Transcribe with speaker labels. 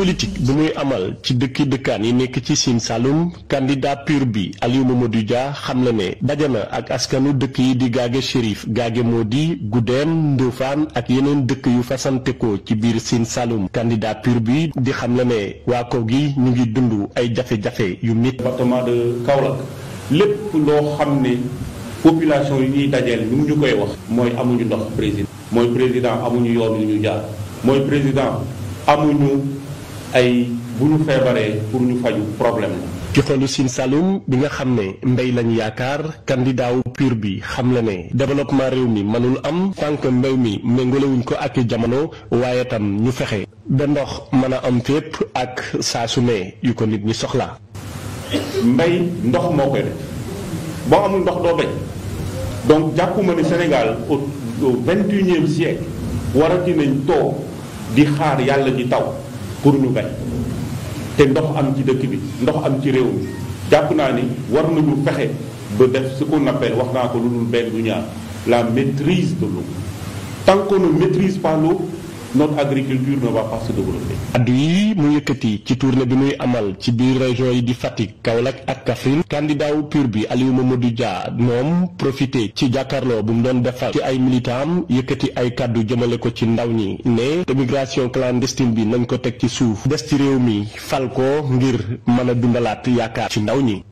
Speaker 1: politique bu muy amal ci dëkki dëkkaan yi nekk ci Sine Saloum candidat pur bi Aliou Mamadou Dia xam la ne daje na ak askanu dëkk yi di Gaage Chérif Gaage Modi Goudem Ndofane ak yeneen dëkk yu fasante ko ci biir Sine Saloum candidat pur bi di xam la ne waa kaw gi ñu ngi dund ay jafe-jafe yu mit département de Kaolack
Speaker 2: lépp loo xam ne population yi ñuy dajeel ñu ñu koy wax mooy amuñu ndox président mooy président amuñu yoon yu ñu jaar mooy président ay bu ñu feebaree pour ñu faju problème la.
Speaker 1: ci xolu Sine Saloum bi nga xam ne mbéy lañu yaakaar candidat wu PUR bi xam la ne développement réew mi mënul am tant que mbéw mi méngalewuñ ko ak jamono waaye tam ñu fexe da ndox mën a am fépp ak saa su ne yu ko nit ñi soxla mbéy ndox moo koy
Speaker 2: boo amul ndox doo béy donc jàppuma ne Sénégal au vingt-et-unième warati nañ toog di xaar yàlla ji taw pour ñu gañ te ndox am ci dëkk bi ndox am ci réew mi jàpp naa ni war nañu fexe ba def ce qu'on appelle wax naa ko lu dul benn du ñaar la maîtrise de l'eau tant qu'on ne maîtrise pas notre agriculture ne va pas
Speaker 1: addu yi mu yëkkati ci tournée bi muy amal ci biir région yi di Fatick Kaolack ak Kaffrine candidat wu PUR bi Aliou Mamadou Dia moom profité ci jàkkaarloo bu mu doon defal ci ay militam yëkkati ay kàddu jëmale ko ci ndaw ñi ne émigration clandestine bi nañ ko teg ci suuf des ci réew mi fal ko ngir mën a dundalaat yaakaar ci ndaw ñi.